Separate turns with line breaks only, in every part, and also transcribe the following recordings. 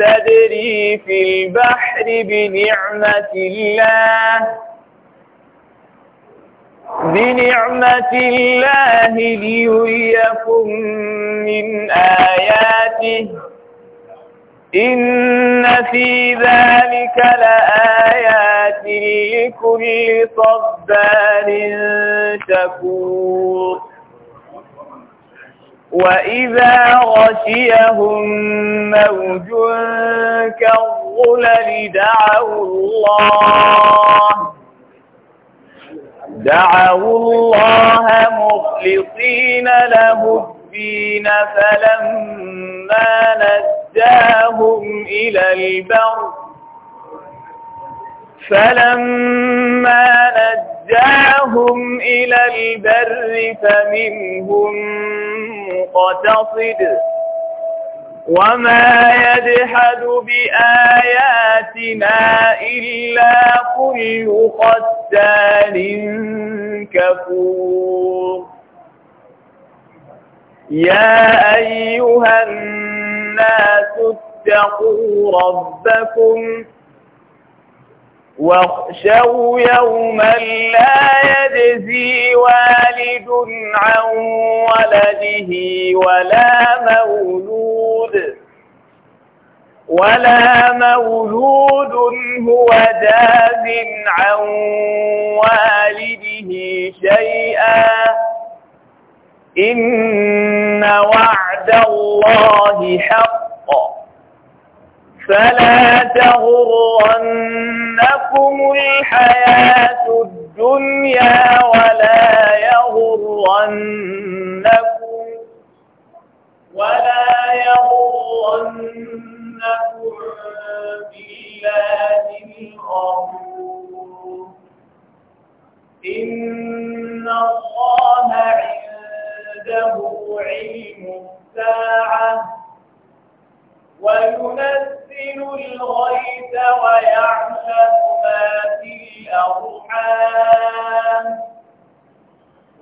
تدري في البحر بنعمة الله بنعمة الله ليريكم من آياته إن في ذلك لآيات لكل صبار شكور وإذا غشيهم موج كالظلل دعوا الله
دعوا
الله مخلصين له الدين فلما نجاهم إلى البر فلما نجاهم إلى البر فمنهم مقتصد وما يجحد بآياتنا إلا كل ختان كفور يا أيها الناس اتقوا ربكم واخشوا يوما لا يجزي والد عن ولده ولا مولود ولا مولود هو جاز عن والده شيئا إن وعد الله حق فلا تغرنكم الحياة الدنيا ولا يغرنكم ولا يغرنكم بالله الغرور إن الله عنده علم الساعة وينزل الغيث ويعلم ما في الأرحام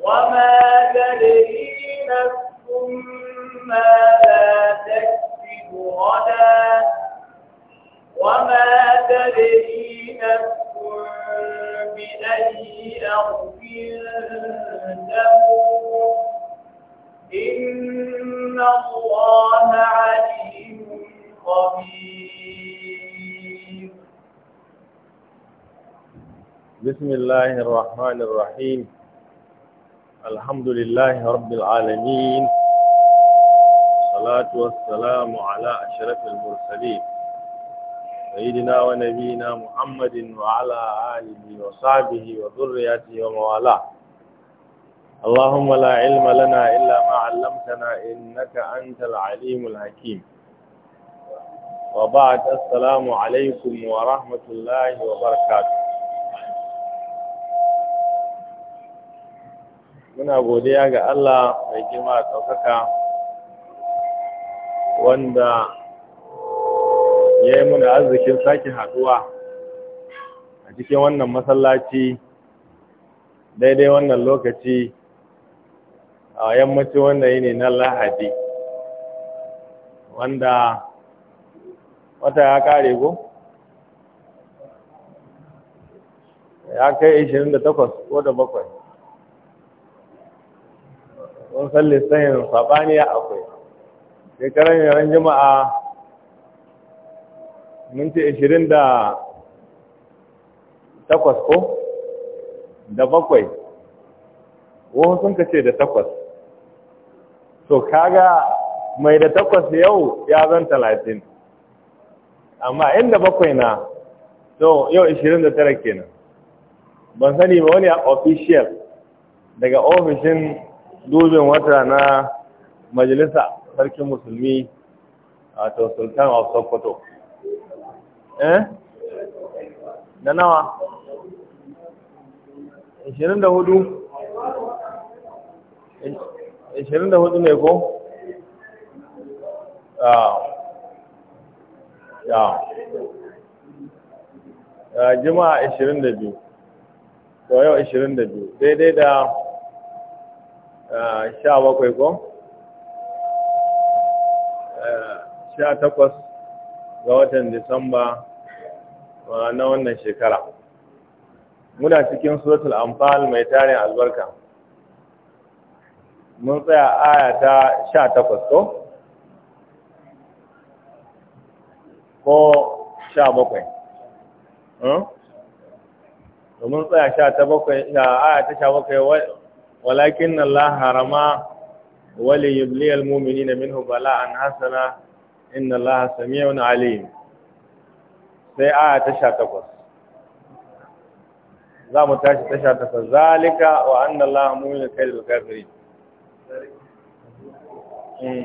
وما تدري نفس ما لا تكسب غدا وما تدري نفس بأي أرض تموت إن الله عليم خبير
بسم الله الرحمن الرحيم الحمد لله رب العالمين الصلاة والسلام على أشرف المرسلين سيدنا ونبينا محمد وعلى آله وصحبه وذريته وموالاه اللهم لا علم لنا إلا ما علمتنا إنك أنت العليم الحكيم وبعد السلام عليكم ورحمة الله وبركاته muna godiya ga Allah mai girma ɗaukaka wanda ya yi muna arzikin sake haɗuwa a cikin wannan masallaci daidai wannan lokaci a yammacin wanda yi ne na lahadi wanda wata ya kare ko ya kai da takwas ko da bakwai wani salli sayin sabaniya akwai shekarar yaran jama'a minti takwas ko da bakwai wani sun ka ce da takwas to kaga mai da takwas yau ya zan talatin amma inda bakwai na to yau 29 kenan ban sani ba wani official daga ofishin dubin wata na majalisa sarkin musulmi wato sultan of sokoto
eh na nawa
24 24 ne ko ah ya juma'a 22 to yau 22 daidai da 17 ko 18 ga watan disamba na wannan shekara muna cikin suratul anfal mai tarin albarka mun tsaya aya ta 18 ko ko sha bakwai hmm? domin tsaya sha ta bakwai sha aya ta sha bakwai walakin na laharama yi yubliyar mumini na minhu bala an hasana inna Allah na aliyu sai aya ta sha takwas za mu tashi ta sha takwas zalika wa anna Allah kai da kafirin hmm.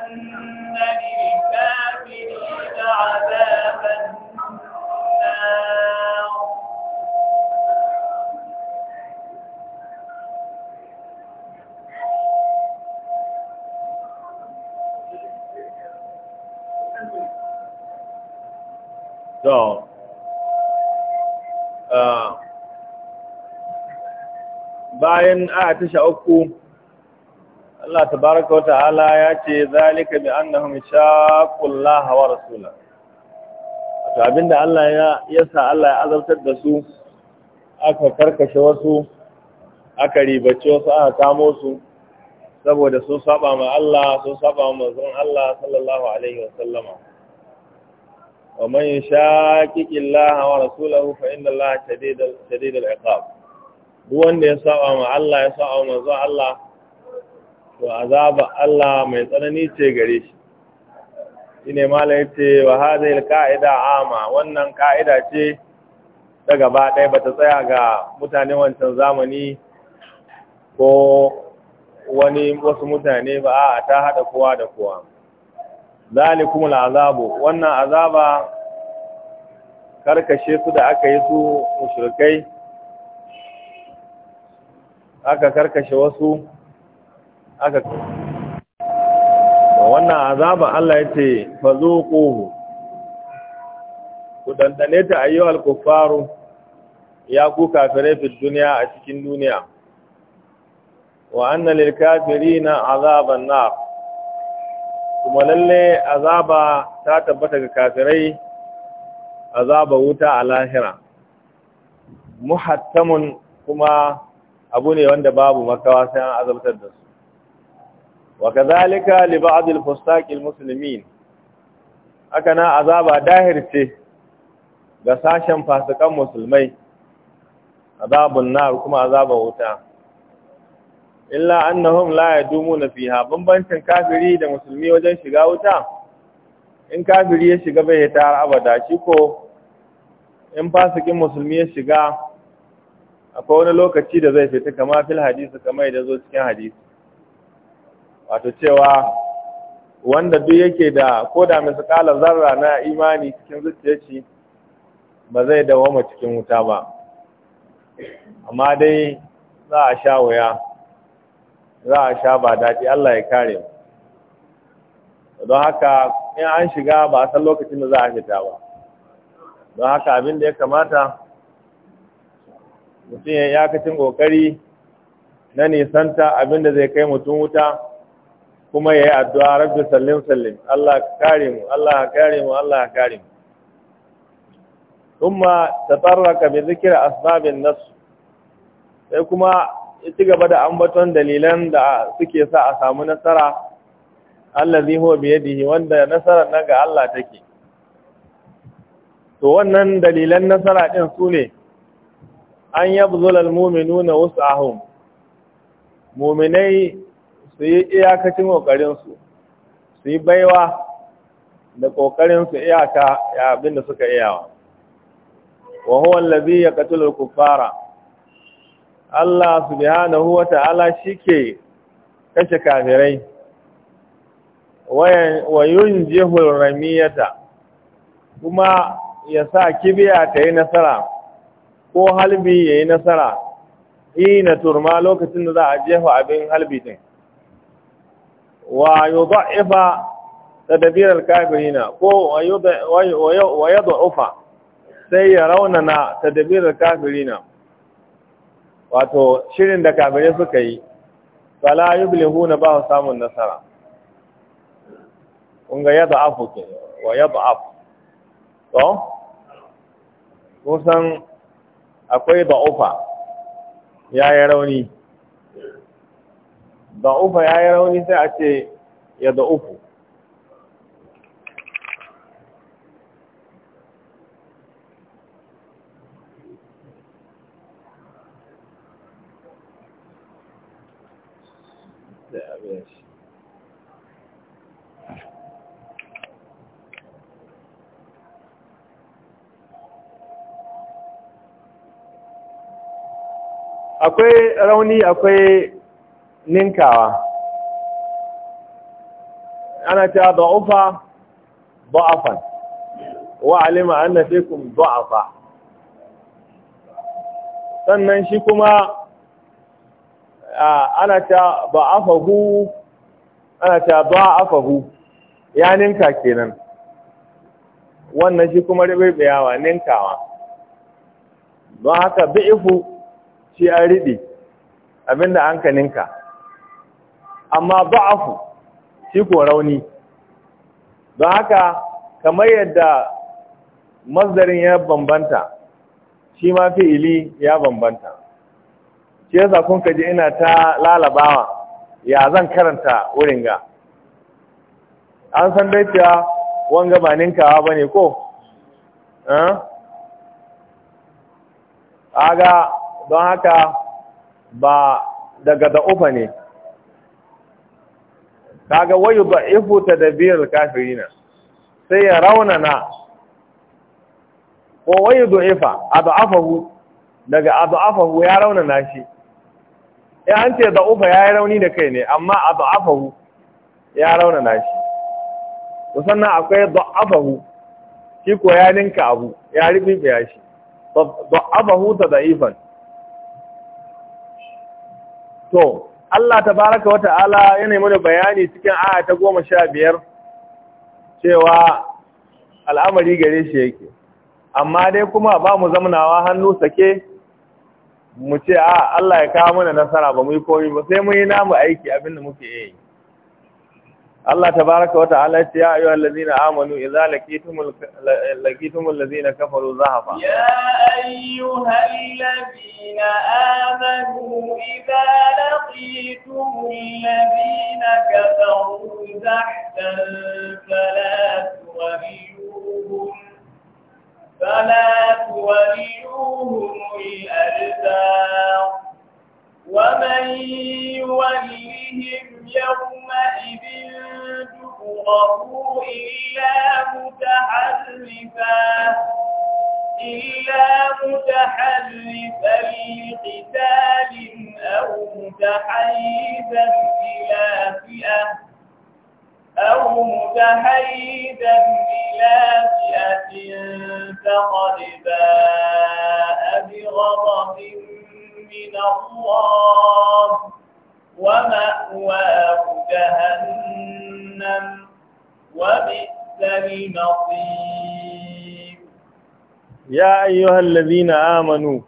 للكافرين عذاب النار
So, uh, bayan a tasha uku Allah tabaraka wa ta'ala ya ce zalika bi annahum shaqullaha wa rasulahu to abinda Allah ya yasa Allah ya azabtar da su aka karkashe wasu aka ribace wasu aka kamo su saboda su saba ma Allah su saba ma manzon Allah sallallahu alaihi wa sallama wa man yashaqiqi Allah wa rasulahu fa inna Allah shadidul shadidul iqab duk wanda ya saba ma Allah ya saba ma manzon Allah to azaba Allah mai tsanani ce gare shi shine malai ce wa hadhihi alqaida ama wannan kaida ce ta gaba ɗaya bata tsaya ga mutane wancan zamani ko wani wasu mutane ba a ta hada kowa da kowa zalikumul azabu wannan azaba karkashe su da aka yi su mushrikai aka karkashe wasu aka wannan azaba Allah ya ce fazuquhu ku dandane ta ayyuhal kuffaru ya ku kafirai fi duniya a cikin duniya wa anna lil kafirina azaban nar kuma lalle azaba ta tabbata ga kafirai azaba wuta a lahira muhattamun kuma abu ne wanda babu makawa sai an azabtar da su وكذلك لبعض الفساق المسلمين na عذابا داهر ce ga sashen fasikan musulmai azabun na kuma azaban wuta illa annahum la yadumuna fiha bambancin kafiri da musulmi wajen shiga wuta in kafiri ya shiga bai ta abada shi ko in fasikin musulmi ya shiga akwai wani lokaci da zai fita kama fil hadisi kamar idan zo cikin hadisi wato cewa wanda duk yake da ko da misqala zarra na imani cikin zuciyarci ba zai dawoma cikin wuta ba amma dai za a sha wuya za a sha ba daɗi Allah ya kare mu don haka in an shiga ba a san lokacin da za a fita ba don haka abin da ya kamata mutum ya yi yakacin ƙoƙari na nisanta abin da zai kai mutum wuta kuma yayi addu'a rabbi sallim sallim Allah ka kare mu Allah ka kare mu Allah ka kare mu thumma tatarraka bi dhikri asbabin nas sai kuma ya ci gaba da ambaton dalilan da suke sa a samu nasara allazi huwa biye yadihi wanda nasarar nan ga Allah take to wannan dalilan nasara din su ne an yabzul wasu ahun. mu'minai su yi iyakacin ƙoƙarinsu su yi baiwa da ƙoƙarinsu iyaka ya abin da suka iyawa wa huwa allazi yaqtulu al-kuffara Allah subhanahu wa ta'ala shike kashe kafirai wa yunjihu ramiyata kuma ya sa kibiya ta yi nasara ko halbi ya yi nasara ina turma lokacin da za a jefa abin halbi din wa yudha'ifa tadbir al-kafirina ko wa yudha'ufa sai ya raunana tadbir al-kafirina wato shirin da kafirai suka yi fala yublihuna ba samun nasara kun ga yadha'afu ke wa yadha'afu to kusan akwai da'ufa ya yi rauni da'ufa ya yi rauni sai a ce ya da'ufu akwai rauni akwai ninkawa ana cewa da'ufa ba'afan wa alima na fikum ba'afa. sannan shi kuma ana cewa da'afahu ana cewa da'afahu
ya ninka kenan
wannan shi kuma ribirbiyawa ninkawa don haka bi'ifu shi an riɗi abinda an ka ninka amma ba'afu shi ko rauni don haka kamar yadda mazdarin ya bambanta shi ma fi'ili ya bambanta shi yasa kun kaji ina ta lalabawa ya zan karanta wurin ga an san dai cewa wanga ba ninkawa bane ko eh? aga don haka ba daga da'ufa ne kaga wayu da'ifu tadbirul kafirina sai ya raunana ko wayu da'ifa ad'afahu daga ad'afahu ya raunana shi eh an ce ufa yayi rauni da kai ne amma ad'afahu ya raunana shi to sannan akwai da'afahu shi ko ya ninka abu ya rubi ya shi da'afahu ifan to Allah tabaraka wa ta'ala ya nemi da bayani cikin aya ta goma sha biyar cewa al'amari gare shi yake amma dai kuma ba mu zamanawa hannu sake mu ce a Allah ya kawo mana nasara ba mu yi komi ba sai mu yi namu aiki abinda da muke yi الله تبارك وتعالى يا أيها الذين آمنوا إذا لقيتم لقيتم الذين كفروا ذهبا
يا أيها الذين آمنوا إذا لقيتم الذين كفروا زحفا فلا تغيروهم فلا تغيروهم الألباب ومن يولهم يومئذ دبره إلا متحرفا إلا متحرفا لقتال أو متحيزا إلى فئة أو متحيزا إلى فئة فقد باء بغضب من الله ومأواه جهنم وبئس المصير
يا أيها الذين آمنوا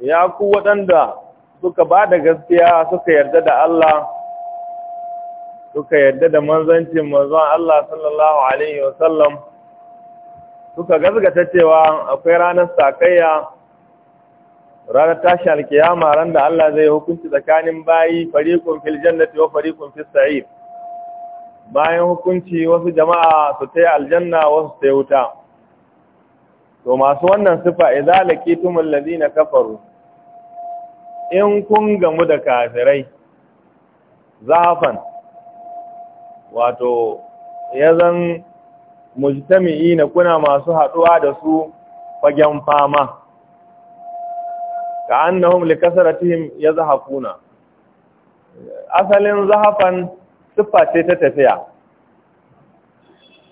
يا قوة أندى suka ba da gaskiya suka yarda da Allah suka yarda da manzancin manzon Allah sallallahu alaihi wasallam suka gazgata cewa akwai ranar sakayya ranar tashi alkiyama ran da Allah zai hukunci tsakanin bayi fariqun fil jannati wa fariqun fis sa'ir bayan hukunci wasu jama'a su tai aljanna wasu ta wuta to masu wannan sifa idza laqitumul ladina kafaru in kun gamu da kafirai zafan wato yazan mujtami'ina kuna masu haduwa da su fagen fama ka annahum li ya zahafuna. asalin zahafan siffa ce ta tafiya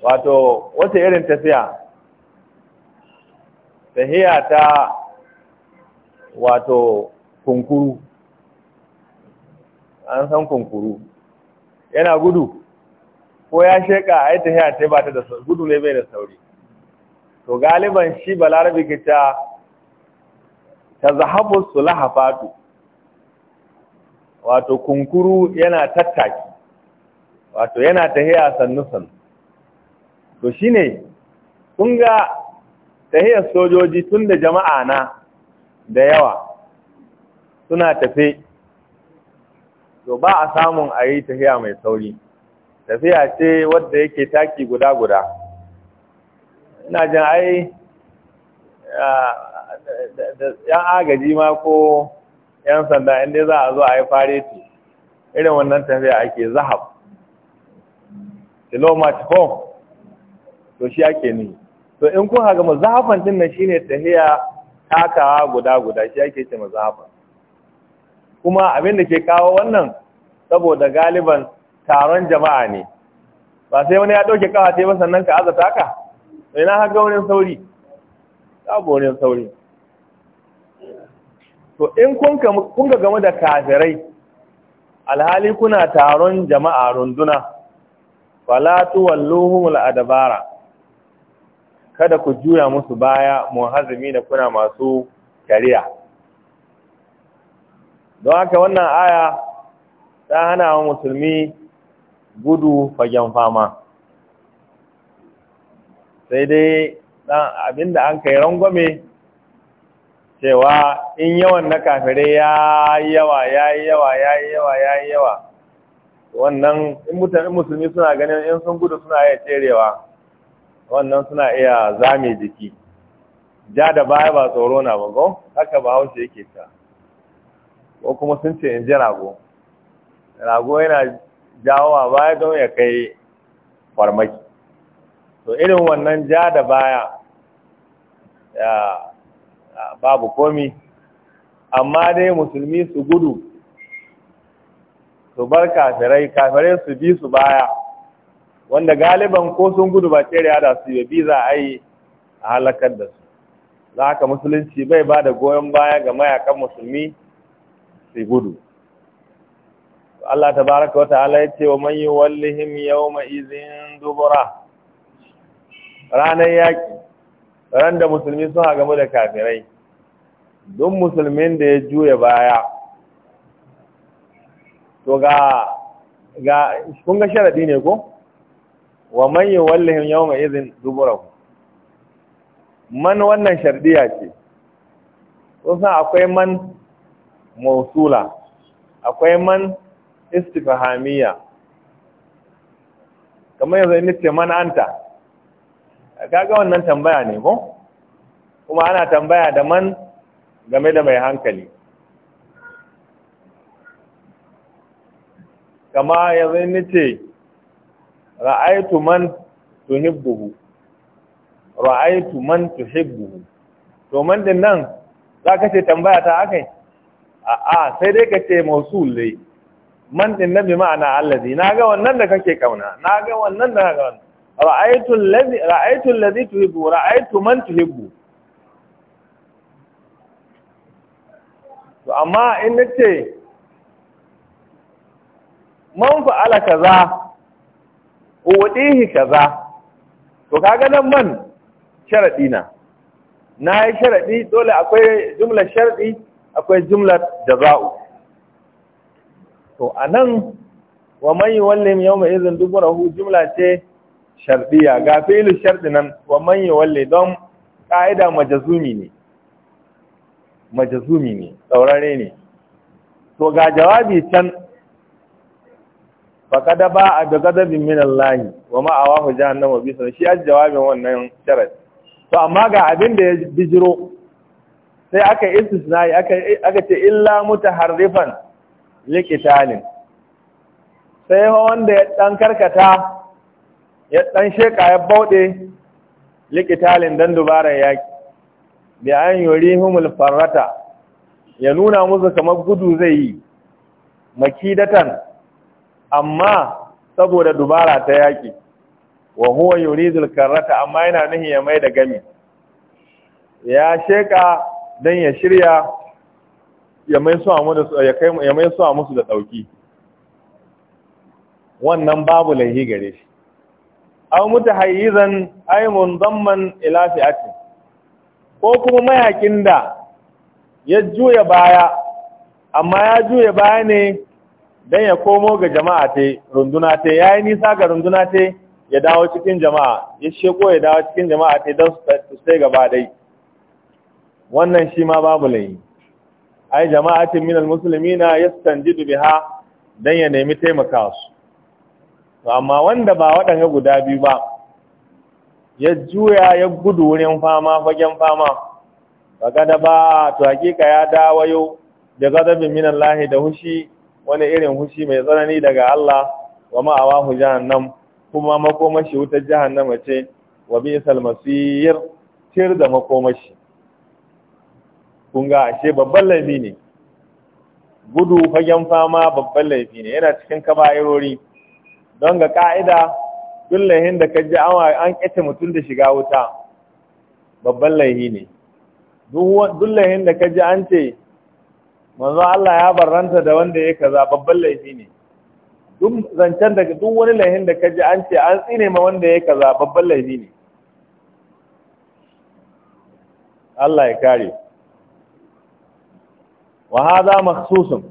wato wata irin tafiya tafiya ta wato kunkuru an san kunkuru yana gudu ko ya sheka a yi tahiya ta ba ta da gudu ne bai da sauri to galiban shi balarabi ke ta ta zahabu sulahafatu wato kunkuru yana tattaki wato yana tahiya sannusan to shine kun ga tahiya sojoji tun da jama'a na da yawa suna tafe to ba a samun a yi tahiya mai sauri tafiya ce wadda yake taki guda-guda ina jin ai da yan agaji ma ko yan sanda inda za a zo a yi fareti irin wannan tambaya ake zahab kilomat home to shi ake ni to in kun haga mazahafan din nan shine tahiya takawa guda guda shi ake ce mazahafan kuma abin da ke kawo wannan saboda galiban taron jama'a ne ba sai wani ya dauke kawa sai ba sannan ka azata ka ina haga wani sauri babu sauri to in kun ga game da kafirai alhali kuna taron jama'a runduna falatu walluhumul adabara kada ku juya musu baya muhazimi da kuna masu kariya don haka wannan aya ta hana wa musulmi gudu fagen fama sai dai dan abinda an kai rangwame cewa in yawan na kafirai ya yi yawa ya yi yawa ya yi yawa ya yi yawa wannan in mutane musulmi suna ganin in sun gudu suna iya tserewa wannan suna iya zame jiki ja da baya ba tsoro na ba haka ba haushe yake ta ko kuma sun ce in ji rago rago yana jawowa baya don ya kai farmaki to irin wannan ja da baya babu komi amma dai musulmi su gudu su bar kafirai kafirai su bi su baya wanda galiban ko sun gudu ba tsere da su yi bi za a yi a halakar da su za ka musulunci bai ba da goyon baya ga mayakan musulmi su gudu Allah ta baraka wa ta'ala ya ce wa man wallihim yawma izin dubura ranar yaƙi ran da musulmi suna gamu da kafirai duk musulmin da ya juya baya to ga ga kun ga sharadi ne ko wa man yawallihim yawma idhin duburahu man wannan shardiya ce sa akwai man mausula akwai man istifhamiya kamar yanzu ne ce man anta kaga wannan tambaya ne ko kuma ana tambaya da man game da mai hankali kama yanzu ni ce ra'aitu man tuhibbuhu ra'aitu man tuhibbuhu to man din nan ka ce tambaya ta akai a'a sai dai ka ce mausul dai man din nan bi ma'ana allazi na ga wannan da kake kauna na ga wannan da ga wannan ra'aitu allazi tu hibu, tuhibbu ra'aytu man tuhibbu to amma in nace man fa'ala kaza uwdihi kaza to kaga nan man sharadi na na yi sharadi dole akwai jumlar sharadi akwai jumlar jaza'u to anan wa man yuwallim yawma idhin duburahu jumla ce shardiya ga fi'il shardi nan wa man yawalli don ka'ida majazumi ne majazumi ne tsaurare ne to ga jawabi can kada ba a da gadabin minan lahi wa ma'awa hu jihannan wa shi an jawabin wannan sharat to amma ga abin da ya bijiro sai aka istisnai aka ce illa mutaharrifan liqitalin sai wanda ya dan karkata ya ɗan sheka ya bauɗe likitalin don dubarar yaƙi da an yori himul farrata ya nuna musu kamar gudu zai yi makidatan amma saboda dubara ta yaƙi wa huwa yuridul karrata amma yana nuhi ya mai da gami ya sheka don ya shirya ya mai suwa musu da ɗauki wannan babu laihi gare shi aw mutahayyizan ay munzamman ila fi'atin ko kuma mayakin da ya juya baya amma ya juya baya ne dan ya komo ga jama'a te runduna te yayi nisa ga runduna te ya dawo cikin jama'a ya sheko ya dawo cikin jama'a te dan su sai gaba dai wannan shi ma babu layi ai jama'atin minal muslimina yastanjidu biha dan ya nemi taimaka su to amma wanda ba waɗanga guda biyu ba ya juya ya gudu wurin fama fagen fama ba gada ba to hakika ya dawayo da minan lahi da hushi wani irin hushi mai tsanani daga Allah wa ma'awahu jahannam kuma makomashi wutar nan ce wa bi'sal masir tir da makomashi kun ga ashe babban laifi ne gudu fagen fama babban laifi ne yana cikin kaba'irori don ga ka'ida duk laihin da ka ji an ƙyace mutum da shiga wuta babban laihi ne duk laihin da ka ji an ce manzo Allah ya barranta da wanda ya kaza babban laihi ne duk zancen daga duk wani laihin da ka ji an ce an tsine ma wanda ya kaza babban laihi ne Allah ya kare wa hadha makhsusun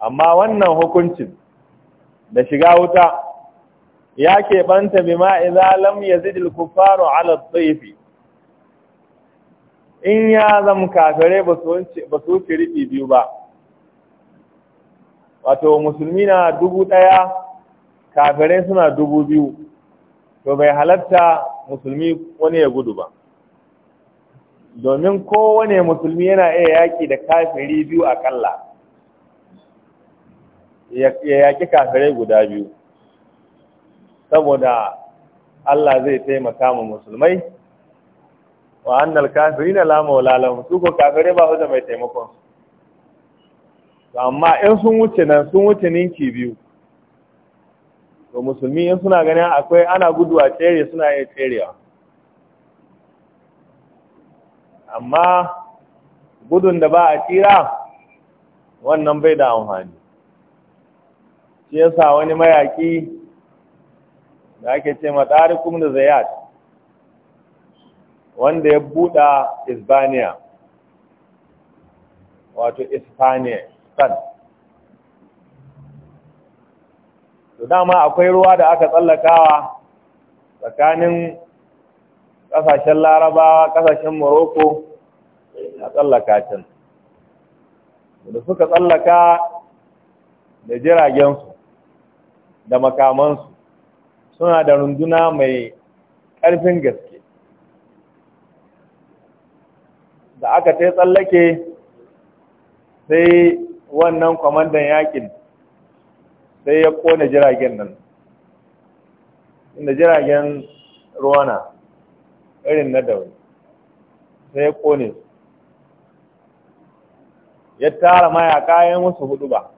amma wannan hukuncin da shiga wuta ya keɓanta bima idza lam yazidil kufaru ala tsayfi in ya zama kafare ba su wuce riɓi biyu ba wato musulmi na dubu ɗaya kafare suna dubu biyu to bai halatta musulmi wani ya gudu ba domin kowane musulmi yana iya yaƙi da kafiri biyu a aƙalla ya yaƙi kafirai guda biyu saboda Allah zai taimaka mu musulmai wa annal kafirina la maula lahum su ko kafirai ba su mai taimakon su amma in sun wuce nan sun wuce ninki biyu to musulmi in suna ganin akwai ana gudu a tsere suna iya tserewa amma gudun da ba a tsira wannan bai da amfani shi yasa wani mayaki da ake ce matarikum da zayat wanda ya buɗa isbaniya wato isbaniya Spain. to dama akwai ruwa da aka tsallakawa tsakanin ƙasashen larabawa ƙasashen morocco a tsallaka can da suka tsallaka da jiragensu da makamansu suna da runduna mai ƙarfin gaske da aka ta tsallake sai wannan kwamandan yakin sai ya kone jiragen nan inda jiragen ruwana irin na dauri sai ya kone ya tara mayaka ya musu hudu ba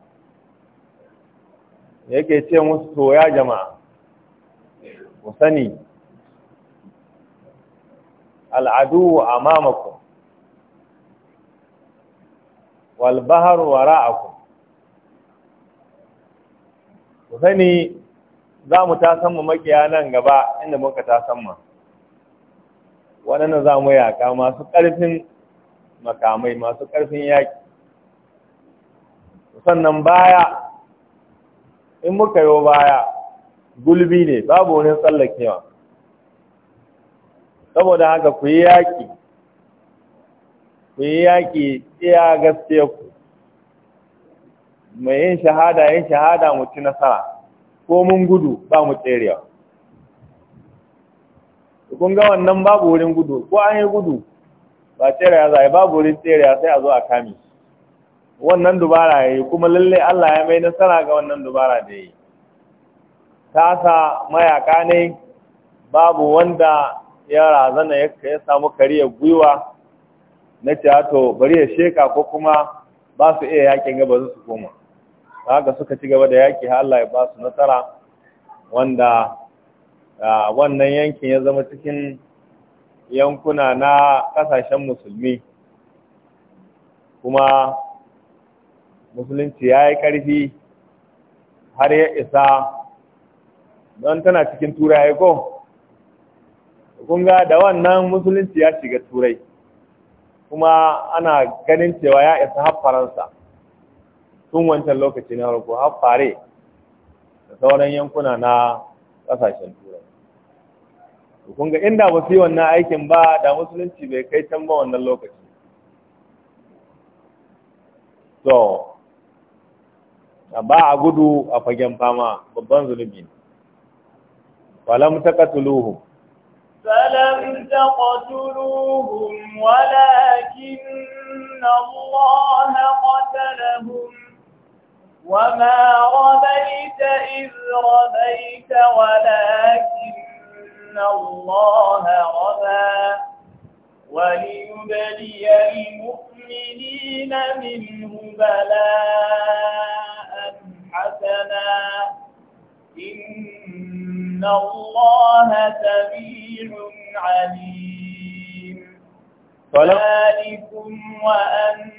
yake ce musu to jama'a ku sani al'adu a mamaku. walbahar wara'akun ku sani za mu ta mu makiya nan gaba inda muka ta tasamma waɗanda za mu yaƙa masu ƙarfin makamai masu ƙarfin yaƙi sannan baya in muka yi baya gulbi ne babu wani tsallakewa saboda haka ku yi yaƙi ku yi yaƙi iya gaske ku mai yin shahada yin shahada mu ci nasara ko mun gudu ba mu tserewa kun ga wannan babu wurin gudu ko an yi gudu ba tserewa za a yi babu wurin tserewa sai a zo a kame wannan dubara ya yi kuma lalle Allah ya mai nasara ga wannan dubara da ya yi tasa mayaka ne babu wanda ya razana ya samu kariyar gwiwa na teato bari ya sheka ko kuma ba su iya yakin gaba su koma haka suka ci gaba da yaki Allah ya ba su nasara wanda wannan yankin ya zama cikin yankuna na ƙasashen musulmi kuma musulunci ya yi ƙarfi har ya isa don tana cikin turai ko kunga da wannan musulunci ya shiga turai kuma ana ganin cewa ya isa haffaransa faransa tun wancan lokaci na farko haffare da sauran yankuna na ƙasashen turai kunga inda ba su yi wannan aikin ba da musulunci bai kai can ba wannan lokaci so ba a gudu a fagen fama babban zunubi falam taqatuluhum
falam taqatuluhum walakinna Allah qatalahum وما رميت إذ رميت ولكن الله رمى وليبلي المؤمنين منه بلاء حسنا إن الله سميع عليم ذلكم وأن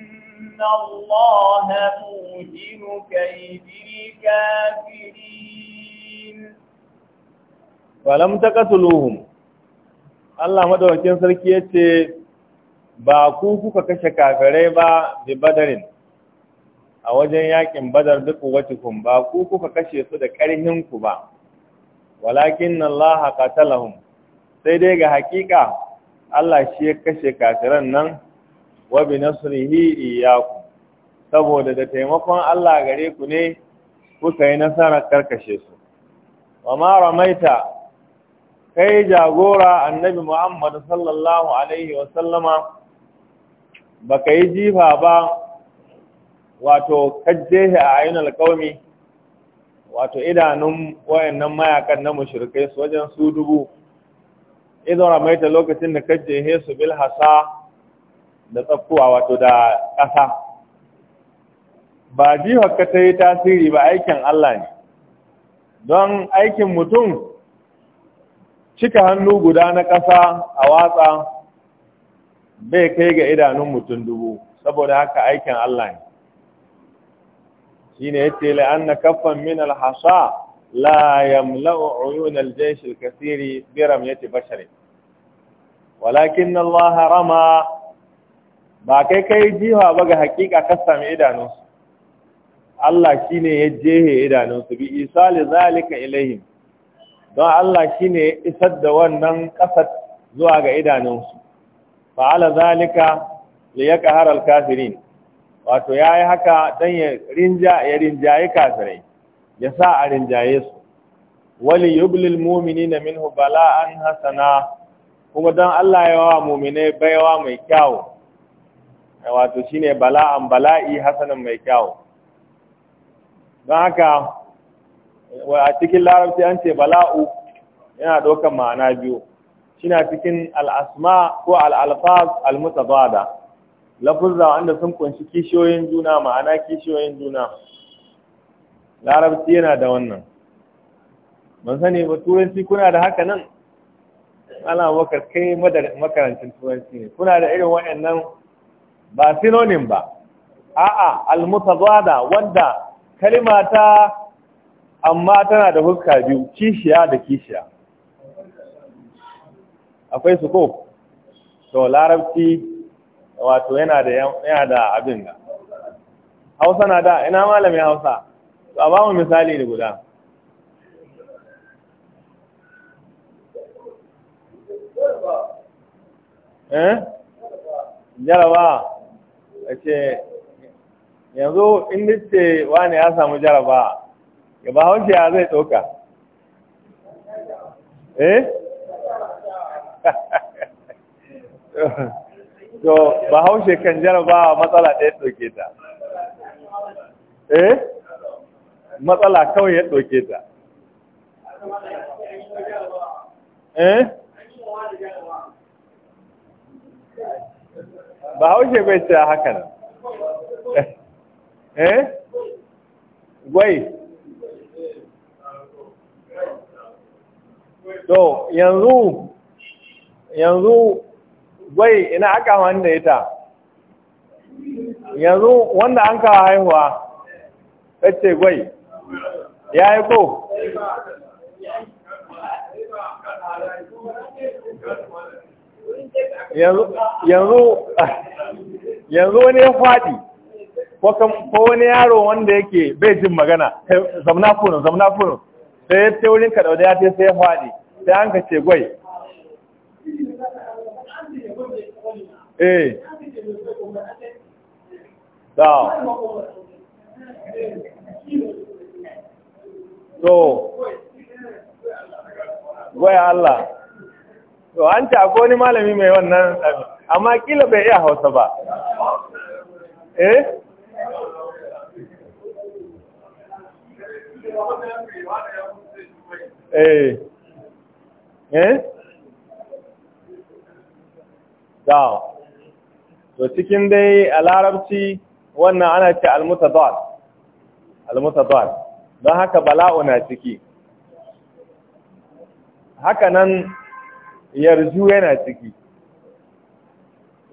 الله موجن كيد الكافرين
فلم تقتلوهم Allah madawakin sarki ya ce, Ba ku kuka kashe kafirai ba bi badarin, a wajen yakin badar duk watikum ba ku kuka kashe su da ƙarhin ku ba walakin Allah qatalahum sai dai ga hakika Allah shi ya kashe kafiran nan wa bi nasrihi iyyakum saboda da taimakon Allah gare ku ne kuka yi nasarar karkashe su wa ma ramaita kai jagora annabi Muhammad sallallahu alaihi wa sallama baka yi jifa ba wato kajjehe a ainihin alƙawami wato idanun wayannan mayakan na mushrikai su wajen su dubu idan maita lokacin da kajjehe su bil hasa da tsakkuwa wato da ƙasa ba jihar ka ta yi tasiri ba aikin Allah ne don aikin mutum cika hannu guda na ƙasa a watsa bai kai ga idanun mutum dubu saboda haka aikin Allah ne shine yace la anna kaffan min al-hasa la yamla'u uyun al-jaysh al-kathiri bi ramyati bashari walakin Allah rama ba kai kai jiha ba ga hakika ka sami idanu Allah shine ya jehe idanun su bi isali zalika ilaihim don Allah shine ya isar da wannan kasar zuwa ga idanun su fa ala zalika li al-kafirin wato ya yi haka don ya rinjaye kafirai ya sa a rinjaye su wali yublil mumini na minhu an hasana kuma don Allah ya wa muminai baiwa mai kyawu wato shine bala'an bala'i hasanan mai kyawo don haka a cikin larabci an ce bala'u yana ɗaukar ma'ana biyu shi na cikin al'asma ko al'alfaz al-mutabada lafuzza wanda sun kunshi kishiyoyin juna ma'ana kishiyoyin juna larabci yana da wannan ban sani ba turanci kuna da haka nan ana maka kai makarancin turanci ne kuna da irin waɗannan ba synonym ba a'a almutazada wanda kalima ta amma tana da huska biyu kishiya da kishiya akwai su ko to larabci wato yana da yana da abin da hausa na da ina malami hausa to a bamu misali da guda eh jaraba ce yanzu in ce wani ya samu jaraba ya ba hausa ya zai ɗauka eh to bahaushe kan jarabawa matsala ɗaya ɗauke ta eh matsala kawai ya ɗauke ta eh
bahaushe bai ce hakan eh?
eh gwai to yanzu yanzu gwai ina aka wanda ita yanzu wanda an kawo haihuwa ce gwai ya yi ko yanzu wani ya faɗi ko wani yaro wanda yake bai jin magana zamna kunun zamna kunun sai ya ce wurin kaɗau da ya ce sai ya faɗi sai an ka ce gwai eh da
to Allah
to an ta ko ni malami mai wannan amma kila bai iya hausa ba eh eh eh da to cikin dai a larabci wannan ana ce almutadad almutadad don haka bala'u na ciki haka nan yarju yana ciki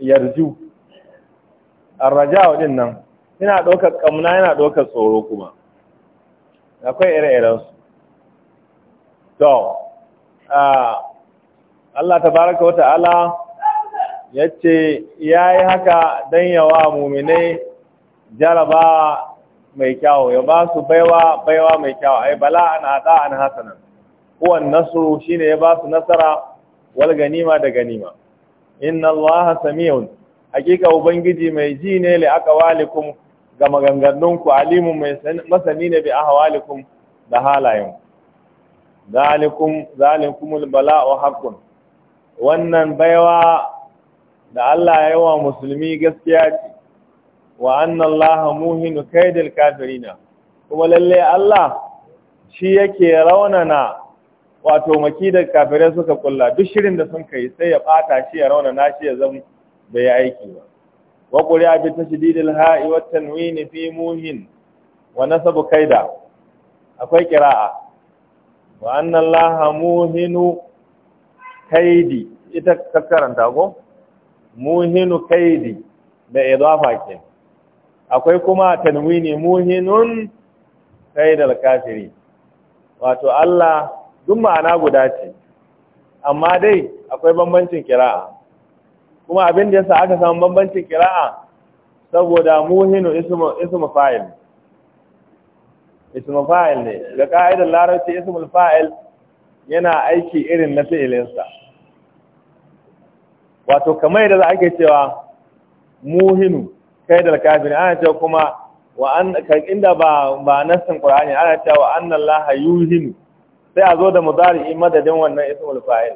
yarju arraja'u din nan yana ɗaukar ƙamna yana ɗaukar tsoro kuma akwai ire-irensu to Allah tabaraka wa ta'ala yace ya yi haka dan yawa muminai jarabawa mai kyau ya ba su baiwa baiwa mai kyau. ai bala an hada an hasanan kuwan nasru shine ya ba su nasara wal ganima da ganima inna allaha samiun hakika ubangiji mai ji ne li aqwalikum ga maganganunku alimun mai masani ne bi ahwalikum da halayen zalikum zalikumul bala'u haqqun wannan baiwa da Allah ya yi wa musulmi gaskiya ce wa annan laha muhinu kaidil kafirina kuma lalle Allah shi yake raunana wato maki da kafirai suka kulla duk shirin da sun kai sai ya bata shi ya raunana shi ya zama bai aiki ba wa qur'a bi tashdidil ha'i wat tanwin fi muhin wa nasab kaida akwai qira'a wa annan muhinu kaidi ita ka karanta ko muhinu kaidi da idafa ke akwai kuma tanwini muhinun kaidal kafiri wato Allah duk ma'ana guda ce amma dai akwai bambancin kira'a kuma abin da yasa aka samu bambancin kira'a saboda muhinu ismu ismu fa'il ismu fa'il ne ga ka'idar larabci ismul fa'il yana aiki irin na fi'ilinsa wato kamar yadda ake cewa muhinu kai da kafiri ana cewa kuma wa an inda ba ba nasin qur'ani ana cewa wa anna allah yuhinu sai a zo da mudari madadin wannan ismul fa'il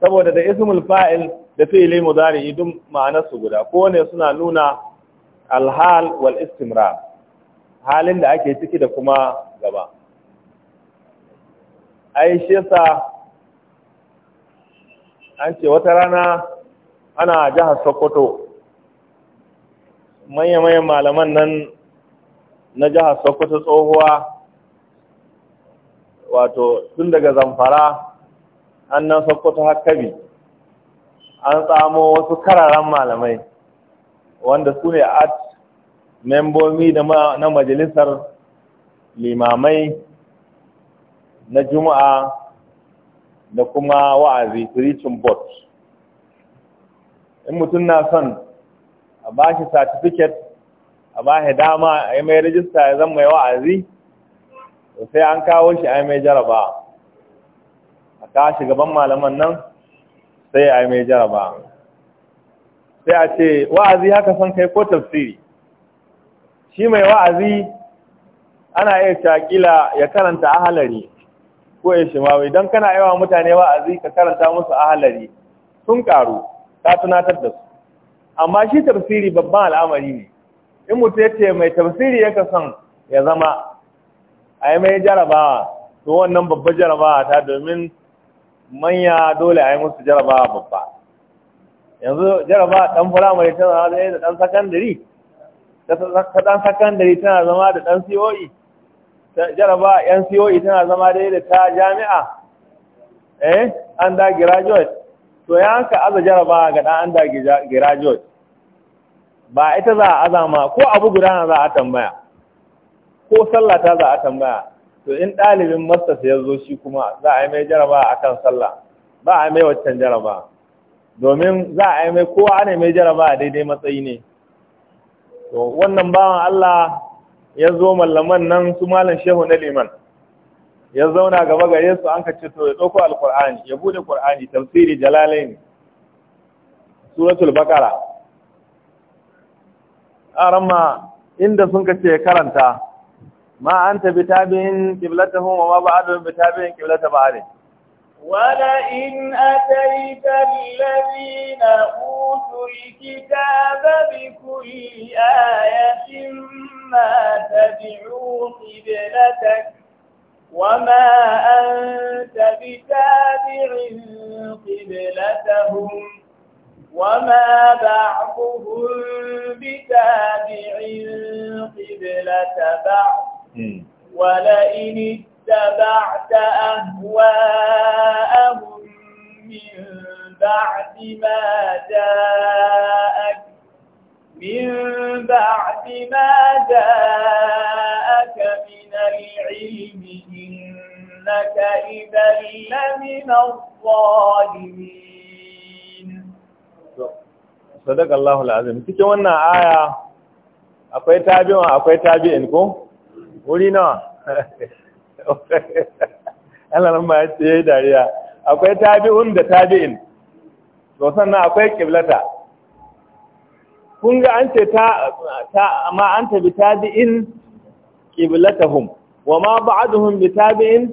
saboda da ismul fa'il da fi'ili mudari duk ma'anar su guda ne suna nuna alhal wal istimrar halin da ake ciki da kuma gaba ai shi yasa an ce wata rana ana jihar sokoto manya-manyan malaman nan na jihar sokoto tsohuwa wato tun daga zamfara an nan sokoto hakabi an tsamo wasu kararan malamai wanda su ne at membomi na majalisar limamai na juma'a da kuma wa'azi preaching board in mutum na son a ba shi certificate a ba shi dama a yi mai rajista ya zama mai wa'azi sai an kawo shi a yi mai jaraba a kawo shi gaban malaman nan sai a yi mai jaraba sai a ce wa'azi haka son kai ko tafsiri shi mai wa'azi ana iya shakila ya karanta ahalari ko ya shimawi don kana yawa mutane wa'azi ka karanta musu a ahalari sun karu ta tunatar da su amma shi tafsiri babban al'amari ne in mutum yace mai tafsiri yaka son ya zama a yi mai jarabawa to wannan babbar jarabawa ta domin manya dole a yi musu jarabawa babba yanzu jarabawa ɗan firamare tana zama da ɗan sakandare tana zama da ɗan COE jaraba yan COE tana zama daidai da ta jami'a eh an da graduate to ya ka aza jaraba ga dan an da graduate ba ita za a azama ko abu guda za a tambaya ko sallah ta za a tambaya to in ɗalibin masters ya zo shi kuma za a yi mai jaraba akan sallah ba a yi mai waccan jaraba domin za a yi mai kowa ana mai jaraba a daidai matsayi ne to wannan bawan Allah ya zo mallaman nan su malam shehu na liman ya zauna gaba gare su an ka ce to ya ɗauko alƙur'ani ya buɗe ƙur'ani tafsiri ne suratul bakara aramma inda sun ka ce karanta ma anta bitabi'in qiblatahum wa ma ba'adu bitabi'in qiblata ba'adin
ولئن أتيت الذين أوتوا الكتاب بكل آية ما تبعوا قبلتك وما أنت بتابع قبلتهم وما بعضهم بتابع قبلة بعض ولئن اتبعت أهواءهم من بعد ما جاءك من بعد ما جاءك من العلم إنك إذا لمن الظالمين
صدق الله العظيم cikin wannan aya akwai tabi'un akwai tabi'in ko wuri nawa Allah nan ma ya ce dariya akwai tabi'un da tabi'in to sannan akwai kiblata kun ga an ce ta amma an tabi tabi'in kiblatahum wa ma ba'aduhum bi tabi'in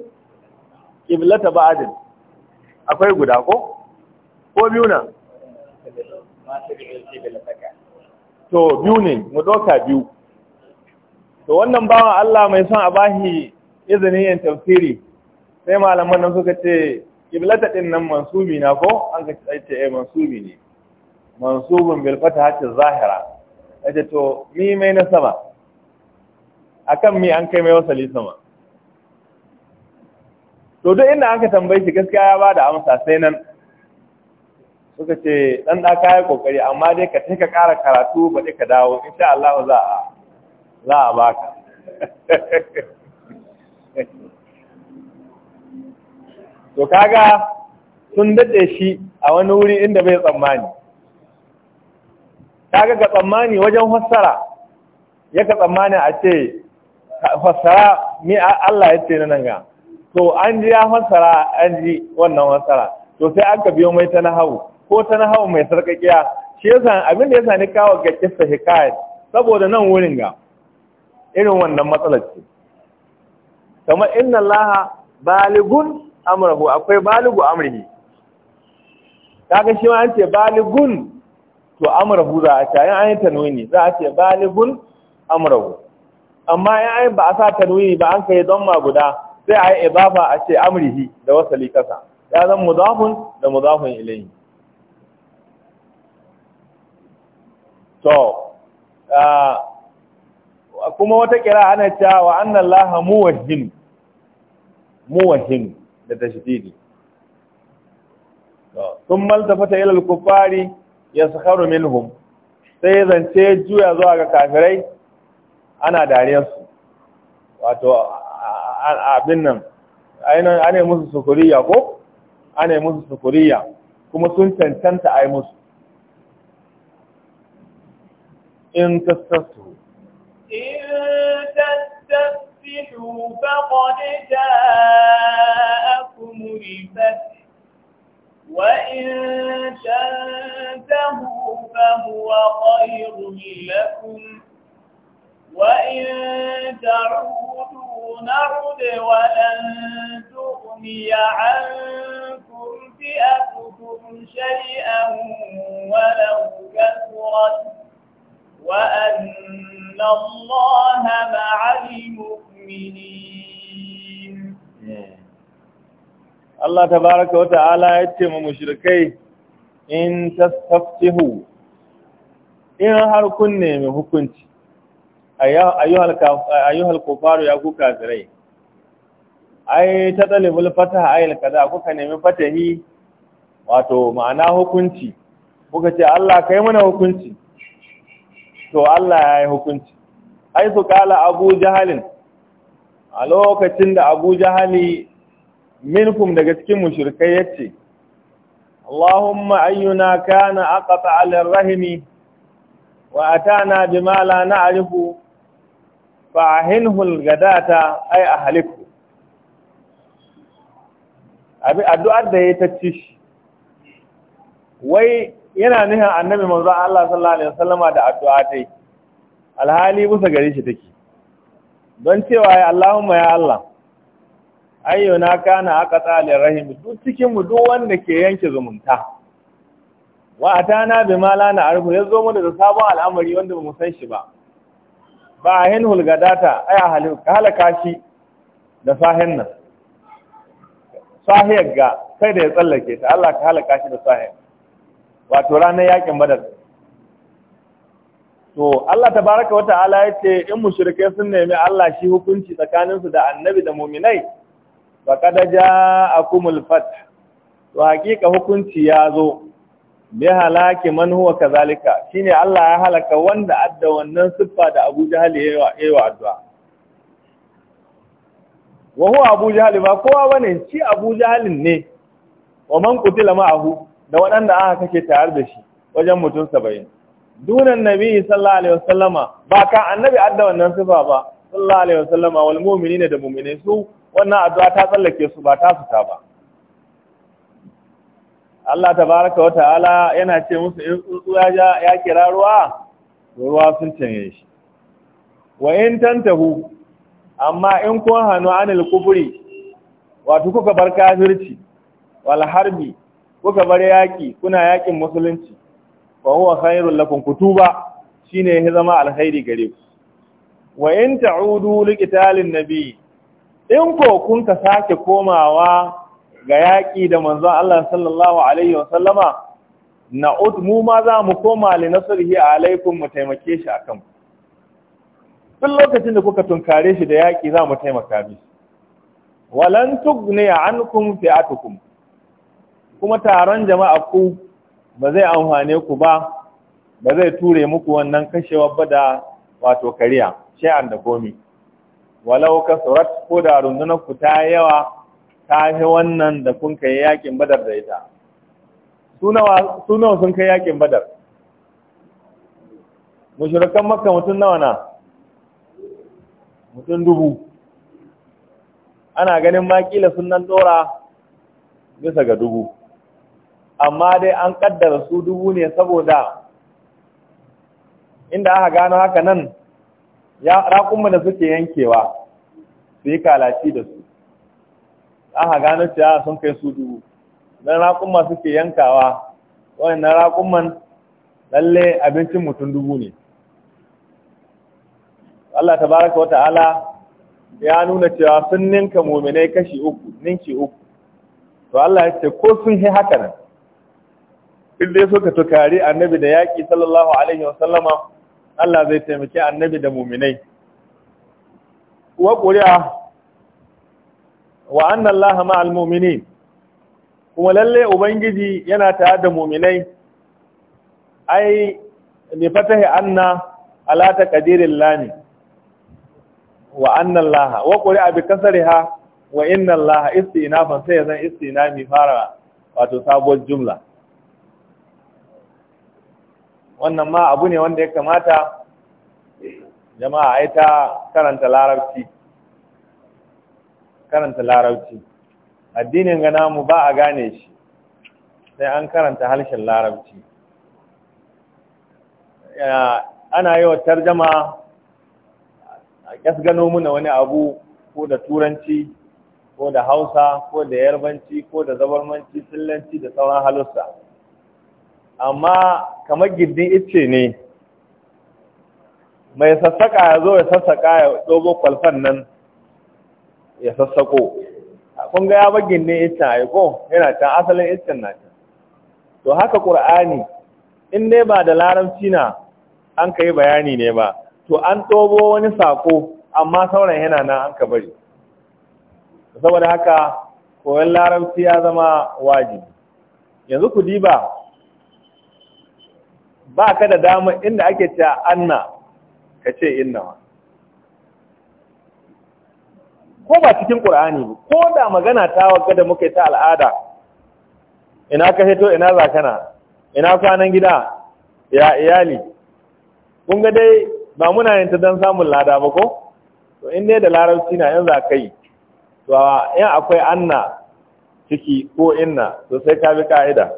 kiblata ba'adin? akwai guda ko ko biyu na to biyu ne mu doka biyu to wannan bawan Allah mai son a bahi izinin yin tafsiri sai malaman nan suka ce kiblata din nan mansubi na ko an ka ce eh mansubi ne mansubun bil fatahati zahira yace to mi mai na A akan mi an kai mai wasali sama to duk inda an ka tambaye shi gaskiya ya bada amsa sai nan suka ce dan da ka yi kokari amma dai ka take ƙara karatu ba ka dawo insha Allah za a za a baka to kaga sun daɗe shi a wani wuri inda bai tsammani kaga ga tsammani wajen ya ka tsammani a ce hussara mi Allah ya ce na nan ga to an ji ya hussara an ji wannan hussara, to sai an ka biyo mai ta nahawu ko ta nahawu mai sarkakiya shi yasa abin da yasa ni kawo ga kissa hikayat saboda nan wurin ga irin wannan matsalar ce kama inna laha, baligun amrahu akwai baligu amrihi kaga shi ma an ce baligun to amrahu za a ce an yi tanwini za a ce baligun amrahu amma in an ba a sa tanwini ba an kai don ma guda sai a yi idafa a ce amrihi da wasali kasa ya zan mudafun da mudafun ilayhi to ah, kuma wata kira ana cewa wa anna da muwajjin muwajjin da tashdidi thumma altafata ila al-kuffari yaskharu minhum sai zance juya zuwa ga kafirai ana dariyar su wato abin nan ainihin ana musu sukuriya ko ana musu sukuriya kuma sun cancanta a yi musu in tattasu
تستفتحوا فقد جاءكم الفتح وإن تنتهوا فهو خير لكم وإن تعودوا نعد ولن تغني عنكم فئتكم شيئا ولو كثرت وأن الله مع المؤمنين
الله تبارك وتعالى يتم مشركي إن تستفتحوا in har kun nemi hukunci a ayyuhal kufaru ya ku kafirai ai ta talibul fataha ayil kaza kuka nemi fatahi wato ma'ana hukunci kuka ce Allah kai mana hukunci to Allah ya yi hukunci ai su kala abu jahalin a lokacin da abu jahali minkum daga cikin ya ce. Allahumma ayyuna kana aqata al-rahimi wa atana bima la na'rifu fa ahinhu al-gadata ay ahliku abi addu'ar da yayi ta ci wai yana nihin annabi manzo Allah sallallahu alaihi wasallama da addu'a tai alhali busa gare shi take don cewa ya Allahumma ya Allah ayyuna kana aqata lir rahim duk cikin mu duk wanda ke yanke zumunta wa atana bi malana na'rifu yazo mu da sabon al'amari wanda ba mu san shi ba ba hin hulgadata ahli halaka shi da sahin nan sahiyar ga kai da ya tsallake ta Allah ka halaka shi da sahiyar wato ranar yakin badar to Allah tabaraka wa ta'ala yace in mushrike sun nemi Allah shi hukunci tsakaninsu da annabi da mu'minai faqad ja'akumul fath to hakika hukunci ya zo bi halaki man huwa kazalika shine Allah ya halaka wanda adda wannan siffa da Abu Jahl yayi wa addu'a wa huwa Abu Jahl ba kowa bane shi Abu Jahl ne wa man qutila ma'ahu da waɗanda aka kake tare da shi wajen mutum saba'in dunan nabi sallallahu alaihi wasallama ba ka annabi adda wannan sufa ba sallallahu alaihi wasallama wal ne da mu'minai su wannan addu'a ta tsallake su ba ta fita ba Allah Ta Baraka wa ta'ala yana ce musu in tsuntsu ya kira ruwa ruwa sun canye shi wa in tantahu amma in kun hannu anil kuburi wato kuka bar kafirci wal harbi kuka bar yaƙi kuna yaƙin musulunci fa huwa khairul lakum kutuba shine ya zama alkhairi gare ku wa in ta'udu liqitalin nabiy in ko kun ka sake komawa ga yaƙi da manzon Allah sallallahu alaihi wa sallama na'ud mu ma za mu koma li nasrihi alaikum mu taimake shi akan ku duk lokacin da kuka tunkare shi da yaƙi za mu taimaka mi walan tugni ankum fi'atukum kuma taron jama'a ku ba zai amfane ku ba ba zai ture muku wannan kashewa ba da wato kariya shay'an da komi walau kasurat ko da rundunar ku ta yawa ta fi wannan da kun kai yakin badar da ita sunawa sunawa sun kai yakin badar mushrikan makka mutum nawa na mutum dubu ana ganin ma kila sunan dora bisa ga dubu amma dai an kaddara su dubu ne saboda inda aka gano haka nan ya rakunmu da suke yankewa su yi kalaci da su aka gano cewa sun kai su dubu don rakunmu suke yankawa na rakunmu lalle abincin mutum dubu ne Allah tabaraka wata'ala ya nuna cewa sun ninka muminai kashi uku ninki uku to Allah ya ce ko sun yi haka nan in dai suka tukari annabi da yaƙi sallallahu alaihi wa sallama Allah zai taimaki annabi da muminai wa ƙuri'a wa anna Allah ma'al mumini kuma lalle ubangiji yana tare da muminai ai bi fatahi anna ala taqdiril lami wa anna Allah wa quri'a bi kasariha wa inna Allah istinafan sai zan istinami fara wato sabuwar jumla wannan ma abu ne wanda ya kamata jama'a ai ta karanta larabci karanta larabci addinin ga namu ba a gane shi sai an karanta harshen larabci ana yi wa tarjama a gano muna wani abu ko da turanci ko da hausa ko da yarbanci ko da zabarmanci Sillanci da sauran halussa amma kamar gindin icce ne mai sassaka ya zo ya sassaƙa ya dogo kwalfan nan ya sassako. kun ga ya ba gindin a aiko yana can asalin iccen na can to haka ƙur'ani in ne ba da larabci na an ka bayani ne ba to an tobo wani saƙo amma sauran yana nan an ka bari saboda haka koyon larabci ya zama wajibi yanzu ku diba ba ka da dama inda ake cewa anna ka ce inna ko ba cikin ƙur'ani ba ko da magana ta waka da muka ta al'ada ina ka heto ina zakana ina kwanan gida ya iyali kun ga dai ba muna yin ta don samun lada ba ko to in dai da larabci na yan zakai to in akwai anna ciki ko inna to sai ka bi ka'ida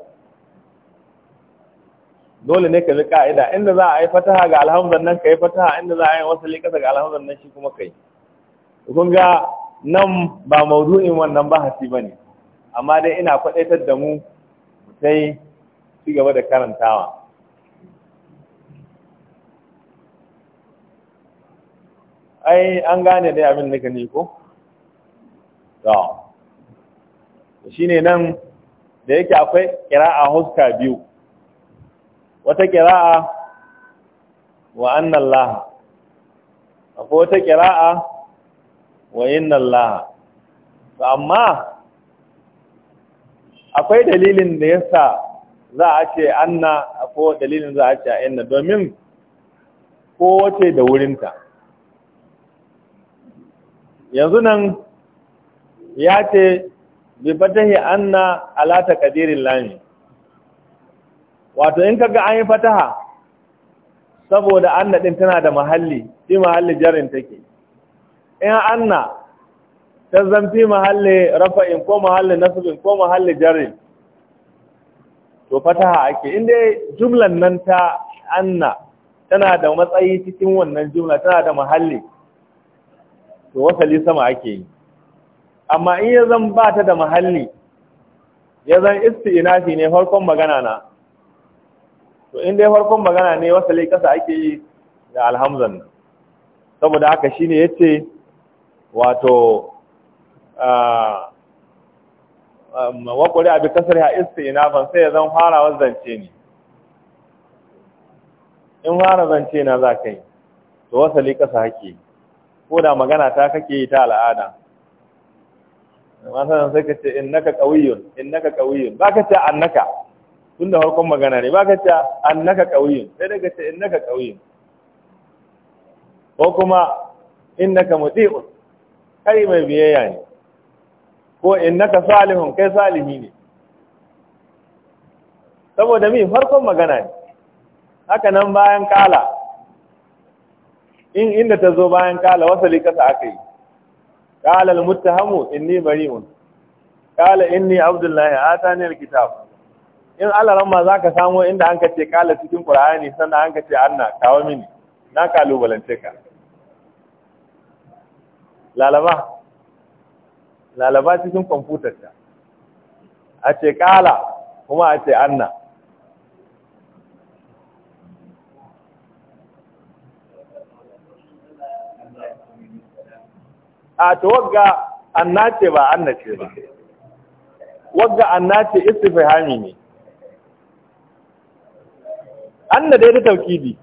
dole ne ka bi ka'ida inda za a yi fataha ga alhamdan nan ka yi fataha inda za a yi wasali kasa ga alhamdan nan shi kuma kai kun ga nan ba maudu'in wannan bahasi ba ne amma dai ina kwadaitar da mu sai ci gaba da karantawa ai an gane dai abin da ka ne ko? to shi nan da yake akwai ƙira a huska biyu wata ƙira'a wa annan laha akwai wata ƙira'a wa innan laha to amma akwai dalilin da yasa za a ce anna akwai dalilin za a ce a inna domin kowace da wurinta yanzu nan ya ce bi fatahi anna ala taqdiril lami wato in kaga an yi fataha saboda anna din tana da mahalli fi mahalli jarin take in anna ta zamfi mahalli rafa'in ko mahalli nasbin ko mahalli jarin to fataha ake in dai jumlan nan ta anna tana da matsayi cikin wannan jumla tana da mahalli to wasali sama ake yi amma in ya zan ba ta da mahalli ya zan isti'inafi ne farkon magana na to in dai farkon magana ne wasali kasa ake yi da alhamzan saboda haka shi ne ya ce wato um, wa kasar ya kasri yi istinafan sai ya zan fara wazance ne in fara zance na za ka yi to wasali kasa hake ko da magana ta kake yi ta al'ada masanan sai ka ce innaka qawiyyun innaka qawiyyun ba ka ce annaka tun da harkon magana ne ba ka ce naka ƙauyin sai daga ce in naka ƙauyin ko kuma in naka mutu'un kai mai biyayya ne ko in naka salihun kai salihi ne saboda mi farkon magana ne haka nan bayan kala in inda ta zo bayan kala wasali kasa aka yi kala in ni bari mun kala in ni abdullahi a al-kitab in alaran ma za ka samo inda an ka ce kala cikin ƙura'ani sannan an ka ce anna kawo mini na kalubalance ka lalaba lalaba cikin kwamfutar ta a ce kala kuma a ce anna a to wagga anna ce ba anna ce ba wagga anna ce istifahami ne da dai da taukidi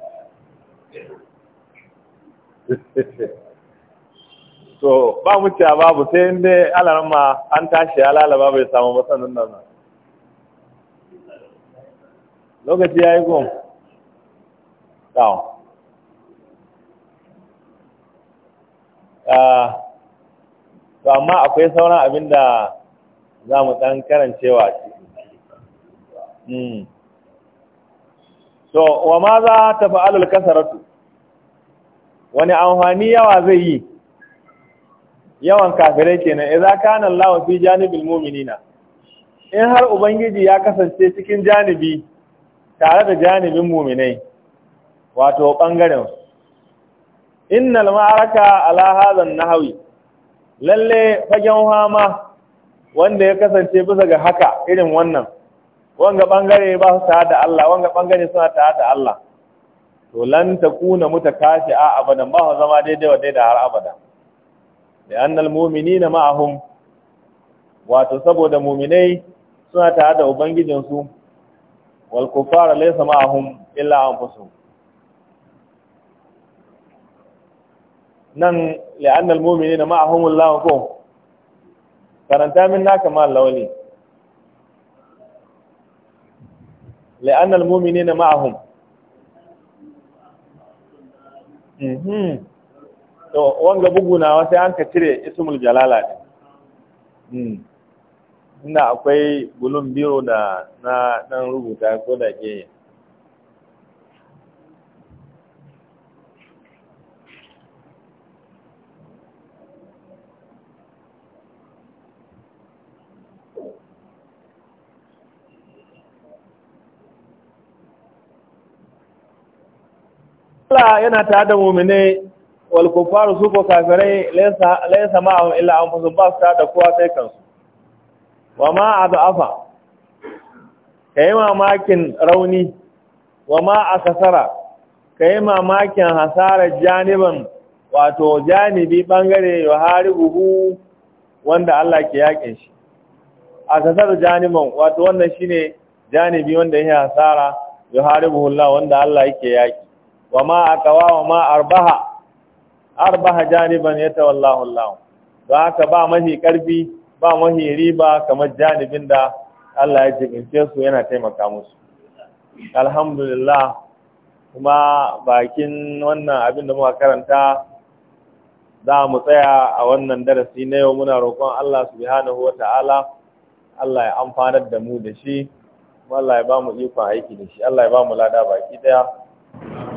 to ba mu cewa babu sai in dai ma an tashi ya lalaba bai samu masanin nan lokaci ya yi gom down ah, to amma akwai sauran abin da za mu ɗan karancewa ciki hmm. to wa ma za ta fa'alul kasaratu wani amfani yawa zai yi yawan kafirai kenan idza kana Allah fi janibil mu'minina in har ubangiji ya kasance cikin janibi tare da janibin mu'minai wato bangaren innal ma'araka ala hadhan nahwi lalle fagen hama wanda ya kasance bisa ga haka irin wannan wanga bangare ba su tare da Allah wanga bangare suna tare da Allah to lan takuna a abadan ba zama daidai wa daidai har abada da annal mu'minina ma'ahum wato saboda mu'minai suna tare da ubangijin su wal kufara laysa ma'ahum illa anfusuhum nan al mu'minina ma'ahum Allahu ko karanta min naka ma lawli لأن المؤمنين معهم to wanga bugunawa sai an ka cire ismul jalala din ina akwai bulun biro da na dan rubuta ko da ke Allah yana tare da mu'mine wal kufaru su ko kafirai laysa laisa ma'ahum illa anfusuhum ba su da kowa sai kansu wa ma adafa kai mamakin rauni wa ma akasara kai mamakin hasara janiban wato janibi bangare ya haribuhu wanda Allah ke yakin shi akasar janiban wato wannan shine janibi wanda yake hasara ya haribuhu Allah wanda Allah yake yaki wa ma akawa wa ma arbaha arbaha janiban yatawallahu Allah don haka ba mahi karfi ba mahi riba kamar janibin da Allah ya jibince su yana taimaka musu alhamdulillah kuma bakin wannan abin da muka karanta za mu tsaya a wannan darasi na yau muna roƙon Allah subhanahu wa ta'ala Allah ya amfanar da mu da shi Allah ya ba mu ikon aiki da shi Allah ya ba mu lada baki daya